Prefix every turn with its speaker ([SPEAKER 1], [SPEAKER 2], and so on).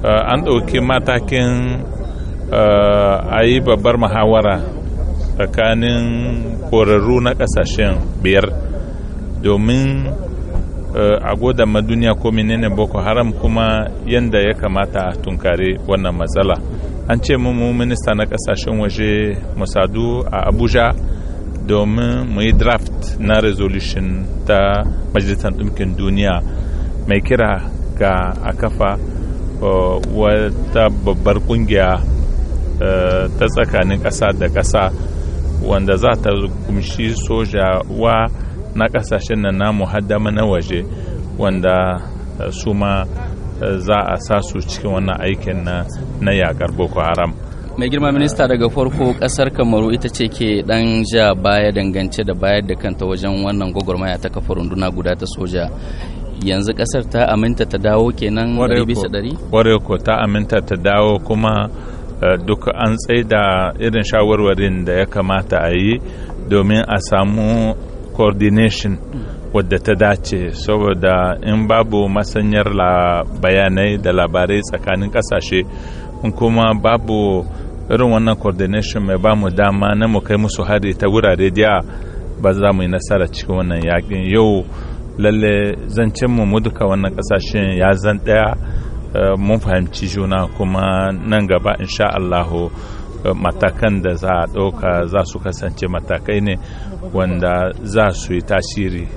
[SPEAKER 1] Eh, an ɗauki matakin eh, a yi babbar muhawara tsakanin ƙwararru na ƙasashen biyar domin eh, a goda duniya ko menene boko haram kuma yadda ya kamata a tunkare wannan matsala an ce mu minista na ƙasashen waje musadu a abuja domin mu yi draft na resolution ta majalisar ɗinkin duniya mai kira ga a kafa Uh, wata babbar kungiya uh, ta tsakanin ƙasa da ƙasa wanda za ta kumshi sojawa na ƙasashen nan namu haddama na waje wanda uh, su ma za a sa su cikin
[SPEAKER 2] wannan aikin na yakar boko haram mai girma minista daga farko kasar kamaru ita ce ke dan ja baya dangance da bayar da kanta wajen wannan gwagwarmaya ta kafa runduna guda ta soja yanzu kasar ta aminta ta dawo kenan ɗari bisa ware ko ta aminta ta dawo kuma eh, duk an da irin shawarwarin
[SPEAKER 1] da ya kamata a yi domin a samu coordination wadda ta dace saboda in babu masanyar bayanai da labarai tsakanin kasashe kuma babu irin wannan coordination mai ba mu dama na mu kai musu hari ta wurare da ba za mu yi nasara cikin wannan yakin yau lalle zancen mu duka wannan kasashen ya zan ɗaya eh, mun fahimci juna kuma nan gaba in sha Allahu eh, matakan da za a ɗauka za su kasance matakai ne wanda za su yi tasiri